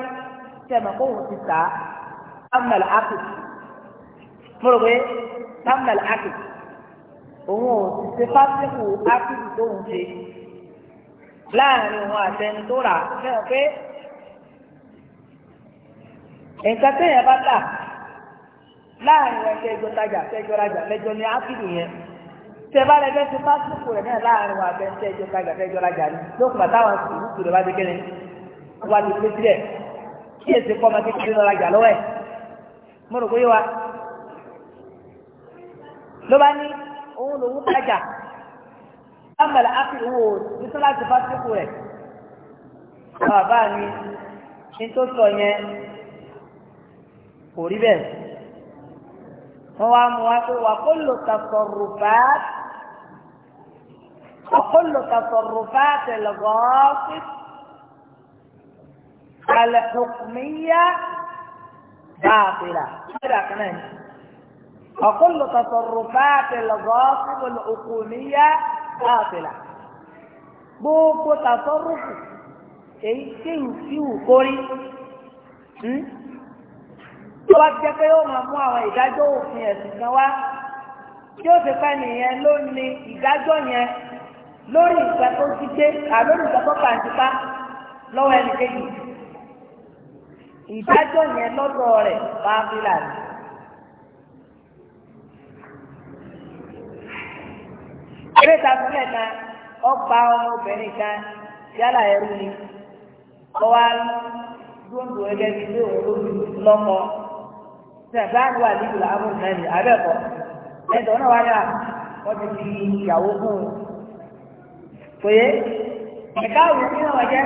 tẹ̀mọ̀ ti tà tamna al-aqd mo rò pé tamna al-aqd òun ò sì ṣe fásitì aqd tó ń ṣe láàrin òun àtẹni tó rà fẹ́ràn pé nǹkan téèyàn bá tà láàrin wọn kẹjọ tajà kẹjọ rajà kẹjọ ní ákìlì yẹn tẹ bá rẹ bẹsẹ pásítọpù rẹ náà láàrin wọn abẹ kẹjọ tajà kẹjọ rajà ní lókùn bàtà wọn sì ní kùrẹ bá ti kẹrin wọn bá ti pé sílẹ̀ kí èsì kọ́ kékeré lọ rajà lọ́wọ́ ẹ̀ mo rò bóyá wa ló bá ní òun lòun tajà amala afi òun ò ní sọ láti bá síkù rẹ̀ bàbá mi ní tó sọ yẹn kò rí bẹ́ẹ̀ wọ́n wá mú wa pé wà kó lò tàtọ̀rù fàá. وكل تصرفات الغاصب الحكمية باطلة هذا كمان وكل تصرفات الغاصب الحكومية باطلة gbogbo tasọrùkù èyí tí ò sí òkórí tó bá jẹ́ pé yóò máa mú àwọn ìdájọ́ òfin ẹ̀sìn kan wá tí ó ti pẹ́ nìyẹn ló ní ìdájọ́ yẹn lórí ìgbà tó ti dé àlórí ìgbà tó pàǹtípá lọ́wọ́ ẹnìkejì ìdájọ́ yẹn lọ́dọ̀ rẹ̀ báfílà ni. eré ìtàkùnlẹ̀ kan ọgbà ọmọbìnrin kan yálà ẹrú ni ọwá dúndú ẹgbẹ́ bíi ilé òun lóbi lọ́mọ tí àgbà àgbà nílùú làwọn náà ní abẹ́ẹ̀kọ́ ẹ̀dọ̀ náà wáyà wọ́n ti fi ìyàwó fún un. kò yẹ ẹ̀ka òun ní ọ̀jẹ́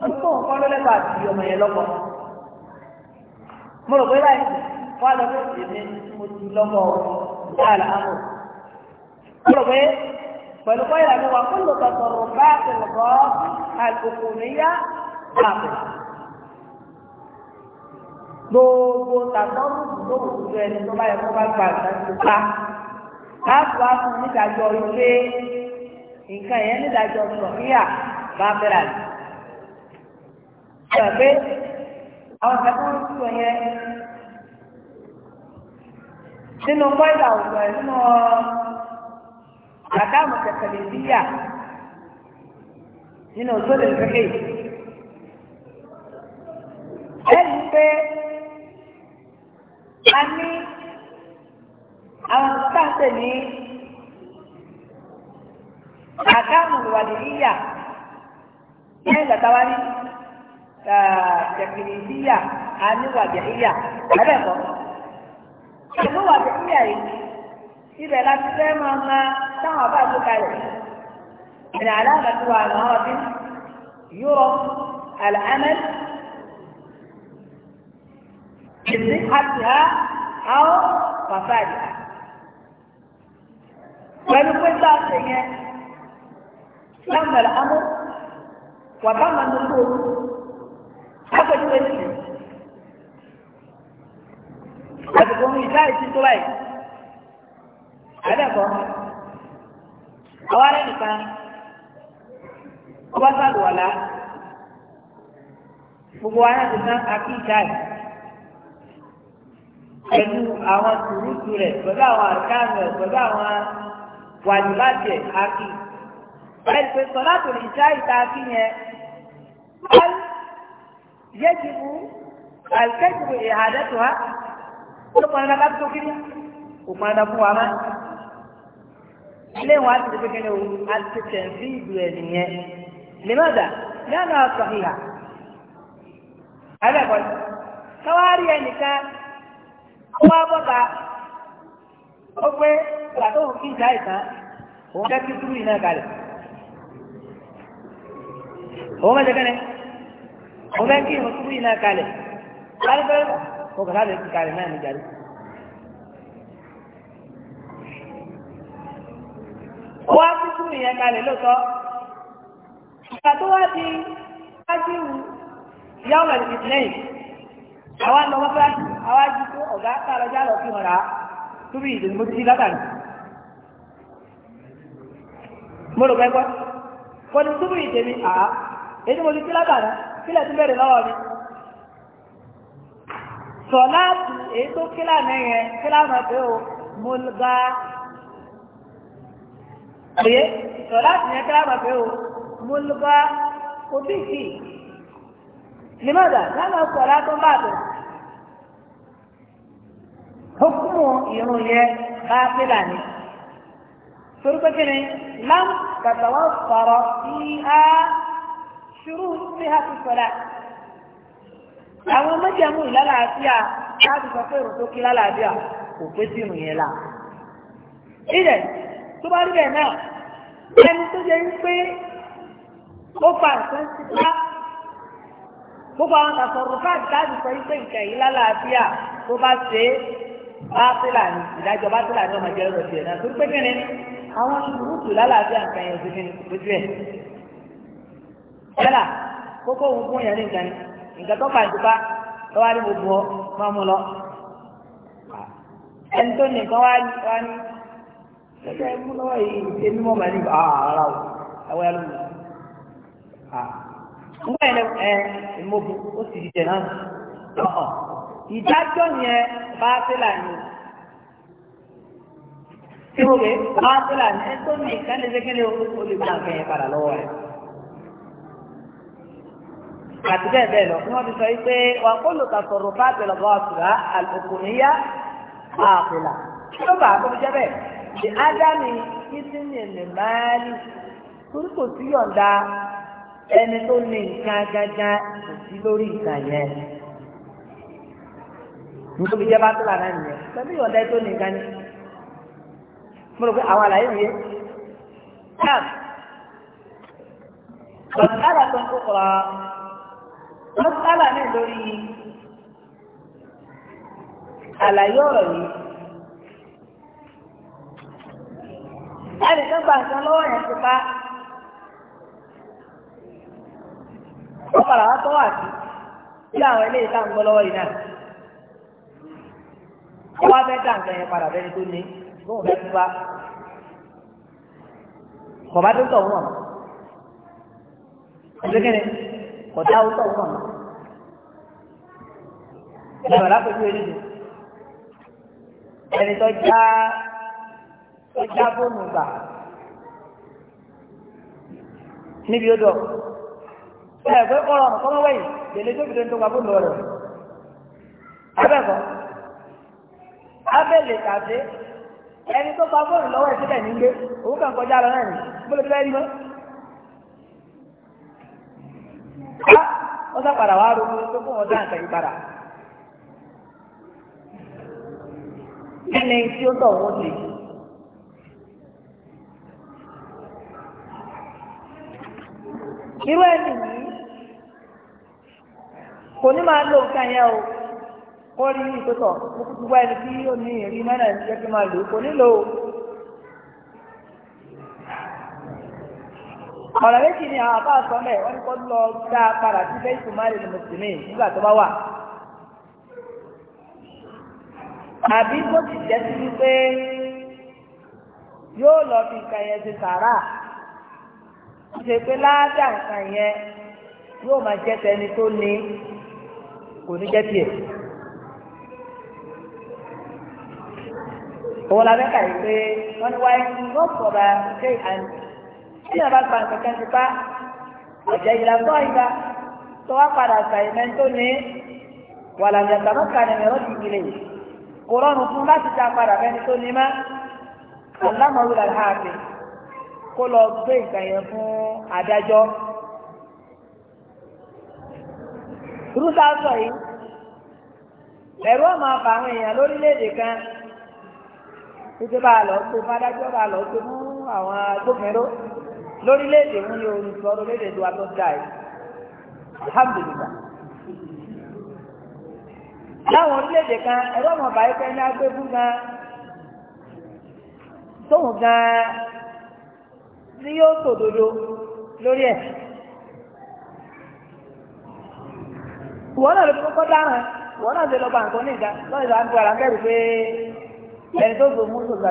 tó nǹkan ló lẹ́kọ̀ọ́ àti ọmọ yẹn lọ́kọ̀. mo rò pé báyìí wọ́n á lọ fún èmi mo ti lọ́kọ̀ dáàlà ámò. mo rò pé pẹ̀lú kọ́ ìlànà wa kó ló tọ̀tọ̀rọ̀ bá àtẹ̀lẹ̀kọ́ àlùkò níyà àbò. gbogbo tàbí ọdún tó wù ú ẹni tó bá yẹ kó bá gbà láti pa. káàpù á fún nídàájọ́ ilé nǹkan yẹn nídàájọ́ sọ̀ríyà bá bẹ̀rẹ̀ ṣe pé àwọn ìgbàgbọ́ ń sọ yẹn nínú pọ́ìlì àwùjọ ẹ̀ nínú àdáàmù tẹ̀tẹ̀lẹ̀ bíyà nínú òṣèlú ìfẹ́kẹ̀ yìí. ẹ̀rí pé a ní àwọn sáńtẹ̀ ní àdáàmù ìwàdìí yíyà ní ìgbàtàwárí. jẹ̀kìrìsíyà aníwàjẹ̀híyà lẹ́bẹ̀kọ́. Ìlú wàjẹ̀híyà yìí ibẹ̀ láti fẹ́ máa ma táwọn bá gbé kalẹ̀. Ìrìn àlànà tó wà náà ọdún yúrọ̀ àlàámẹ́ ìsí àtìhá àwọn pàfàdì. Pẹ̀lú pé bá a ṣe yẹn, lámàlà amú, wà bá màá nínú òru. lápẹjúwe sí àsìkò ní ìdá ìsìn tó báyìí àdẹ́kọ̀ọ́ àwọn arẹ́ nìkan ọba sàlùwàlá gbogbo ará ti ná akí ìdá yìí pẹ̀lú àwọn tùrùtù rẹ̀ pẹ̀lú àwọn àkáàmù rẹ̀ pẹ̀lú àwọn wàdìbàjẹ́ akí. Ẹ̀sìn sọ̀lá tó lè ṣá ìta akí yẹn. يجب الكذب إعادتها ثم أنا قد تكلم ثم أنا فواما ليه وأنت تتكلم أنت تنفيذ وزنية لماذا؟ لأنها صحيحة هذا قول سواري أنك هو بابا ọgbẹ́ gbàtọ́ òkè ìjà ìtàn òun jẹ́ kí túrú iná kalẹ̀ òun mẹ́jẹ kẹ́lẹ́ mo fẹ́ kí irun ṣubú yìí náà kalẹ̀ kálífẹ́ mo kàn láti kalẹ̀ náà níjà rí. wá sí ṣubú lọ wọ́pẹ́ jí kó ọ̀gá lọ túbí ìdùnnú mo ti kílẹ̀ tún bẹ̀rẹ̀ lọ́wọ́ mi sọ̀láàtù èyí tó kílà mẹ́yẹn kílà mọ̀ pé o mo gba òye sọ̀láàtù yẹn kílà mọ̀ pé o mo gba òbí kì í lèmọ́dà lánàá sọ̀rọ̀ àtúnbàtò hukumu irun yẹn bá kílà ni torí pé kí ni lám kàtàwọ́ sọ̀rọ̀ sí á ṣùrù sí àtúnṣọlá àwọn mẹ́jẹ̀mú ìlàlàáfíà láti sọ pé èrò tó kí lálàáfíà kò pé sínú yẹn la ilẹ̀ tó bá rí bẹ́ẹ̀ náà ẹni tó jẹ́ pé ó fa nǹkan sí pa gbogbo àwọn kàtọ́rù káàdì láti sọ pé nǹkan yìí lálàáfíà tó bá ṣe é bátìlà ní ìdájọ́ bátìlà ní ọmọdé ọ̀rọ̀ tiẹ̀ náà tó pé kí ni àwọn ṣùgbọ́n tó lálàáfíà nǹkan yẹn ti fi ní ojú ẹ̀ yálà kókó òun fún yẹn ní ni nǹkan tó fà ìdúpá lọ́wọ́ á ní gbogbo ọ máa mú lọ. ẹni tó ní wá ní wá ní ṣẹ́jọ́ ẹ lọ́wọ́ yìí èmi mọ́ màá ní ara ah, o ẹ̀wọ́ ah. ẹ ló mú. yẹn ẹ ìmọ̀bù ó sì dìde náà ìdájọ́ yẹn bá sílà ni tí mo lè bá sílà ni ẹ tó ní nǹkan lè ṣe padà lọ́wọ́ rẹ̀ àti bẹ́ẹ̀ bẹ́ẹ̀ lọ fún wọn ti sọ yìí pé wà kó lò kàtọ̀rọ̀ bá bẹ̀rẹ̀ lọ́wọ́ àtúrà àlùkò níyà àpèlà kí ló bá a tó fi jẹ́ bẹ́ẹ̀ ṣe ádámì ìsìnyìn lè máa ní torí kò sí yọ̀ǹda ẹni tó ní nǹkan gángan kò sí lórí ìgbà yẹn nítorí jẹ́ bá tó là nìyẹn pẹ̀lú yọ̀ǹda tó ní nǹkan ni mo rò pé àwọn àlàyé mi yé. Bàbá àgbà mọ́sálà náà lórí àlàyé ọ̀rọ̀ yìí. ẹnìkan gba nǹkan lọ́wọ́ yẹn ti pa ó padà wá tọ́wọ́ àti bí àwọn eléyìí tá à ń gbọ́ lọ́wọ́ yìí náà ó wá fẹ́ dá nǹkan yẹn padà bẹ́ni tó ní lóun fẹ́ túbá kọ̀ọ̀bá tó tọ̀ wọ́n ọ̀sẹ̀ kẹ́ni kọ̀dá ọ̀tọ̀ ọ̀tọ̀ mọ́. Ìjọba lápẹ̀jú ẹni dùn. Ẹni tó já tó já fóònù gbà níbi odò. Bẹ́ẹ̀ pé kọ́ ọ̀rọ̀ kọ́mọ́ wẹ̀yìn lèlé tó fìdí tó gba fóònù rẹ̀. Abẹ́kọ̀. Abẹ́lè tàbí ẹni tó gba fóònù lọ́wọ́ ẹ̀ sílẹ̀ nílé òun kàn kọjá lọ náà ní. Bólú ti bẹ́ẹ̀ rí mọ́. sápàdà wà ronú tó fún ọjà nǹkan ìpadà. ẹni tí o tọ̀ wọ́n lè. irú ẹni yìí kò ní ma lo nǹkan yẹn o kó rí ìtótọ̀ gbogbo ẹni tí ó ní ìrí mẹ́rin ẹni jẹ́ kí máa lò ọ̀rọ̀ méjì ni àwọn àbá sọ mẹ́ wọ́n ní kó lọ dá a padà sí bẹ́ẹ̀ tó máa lè mùsùlùmí nígbà tó bá wà. àbí tó ti jẹ́ sí wípé yóò lọ fi nǹkan yẹn ṣe sàárà ṣe pé láàdá nǹkan yẹn yóò máa jẹ́ tẹni tó ní kò ní jẹ́ tiẹ̀. òun la fẹ́ kà pé wọ́n ní wáyé ní wọ́n sọ̀rọ̀ ṣé àǹtí tí a bá gba nǹkan tipa ọ̀jẹ̀ ìlànà ìgbà tó wá padà ṣàìmẹ́ tó ní wàlànà ìgbàmọ́ kanìmẹ́ ó ti gbìlẹ̀ kò rọrùn fún láti ta padà fẹ́ni tó ní má alámọ̀wé là á fi kó lọ gbé nǹkan yẹn fún adájọ́. Rúta sọ yìí, ẹ̀rú ọmọ àbá àwọn èèyàn lórílẹ̀-èdè kan, títí bá a lọ gbé fún adájọ́ bá a lọ gbé fún àwọn agbófinró. lórílẹ̀-èdè wọn ni orin sọ lórílẹ̀-èdè wa tó dáa yìí alhamdulilah láwọn orílẹ̀-èdè kan ẹ̀rọ ọmọ bàyí pé ní agbébú gan tóun gan ni yóò sòdodo lórí ẹ̀ wọ́n náà ló fi kọ́kọ́ dáràn wọ́n náà ṣe lọ́ba nǹkan nígbà lọ́sọ̀rọ̀ àgbà rà bẹ̀rù pé ẹni tó gbòmù sọ̀tà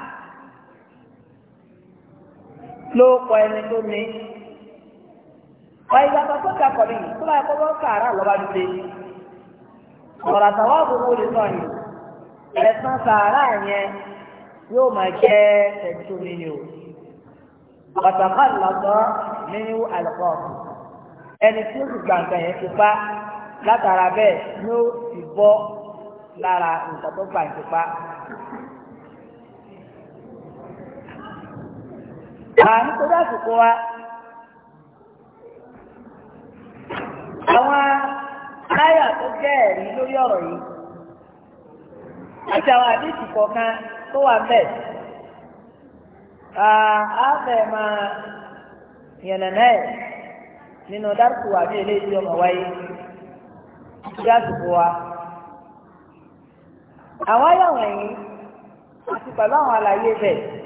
ló kọ ẹni tó ní. ọ̀yìn bàbá tó ta kọ̀ nìyí tó bá yẹ kó wọ́n kàrà lọ́ba dúdé. ọ̀rọ̀ àtàwọn àbúrò lè sọ yìí ẹ̀sán sàárà yẹn yóò máa jẹ́ ẹ̀tọ́ mi ni o. ọ̀tàkọ́ lọ́sọ̀ nínú àlùkò ẹni tí ó sì gbàǹkà yẹn ti pa látara bẹ́ẹ̀ ló ti bọ́ lára nǹkan tó gbàǹkà pa. àwọn nítorí àsìkò wa àwọn táyà tó jẹ́ lórí ọ̀rọ̀ yìí àti àwọn àdéhùn kọ̀ọ̀kan tó wà bẹ́ẹ̀ á fẹ́ máa yànnàná ẹ̀ nínú dárúkú àbí eléyìí ọmọ wáyé nítorí àsìkò wa àwọn ayọ̀ wọ̀nyí àti pẹ̀lú àwọn àlàyé bẹ́ẹ̀.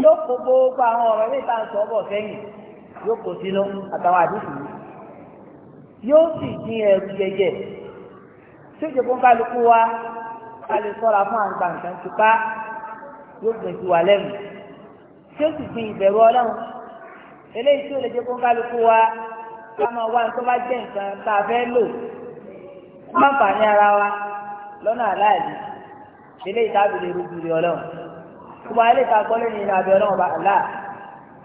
yóò kó gbogbo àwọn ọ̀rọ̀ ilé ìta sọ bọ̀ sẹ́yìn yóò kó sínú àtàwọn àdúgbò yóò sì dín ẹrù jẹjẹ tí òjò kó ń kálukú wa ká lè sọ́ra fún àǹgbà nǹkan ti pa yóò gbìn sí wa lẹ́nu tí ó sì fi ìbẹ̀rù ọlọ́run eléyìí tí ó lè jẹ́ kó ń kálukú wa ká máa wá nǹkan bá jẹ́ nǹkan tá a fẹ́ lò má fà ní ara wa lọ́nà aláìlú eléyìí tábìlì rúbìrì ọlọ́run gbogbo ayé lè ta gbọ́ lẹ́yìn iná abẹ́ ọlọ́run bá àlá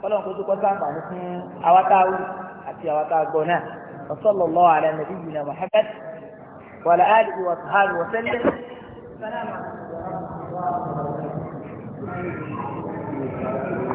ọlọ́run kó tó kọ́ sáǹfààní fún awátáwù àti awátágbọ́ náà wasallallahu ala nabiyyina muhammad wa ala alihi wa sahbihi wa sallam. Thank you.